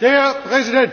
Der Präsident!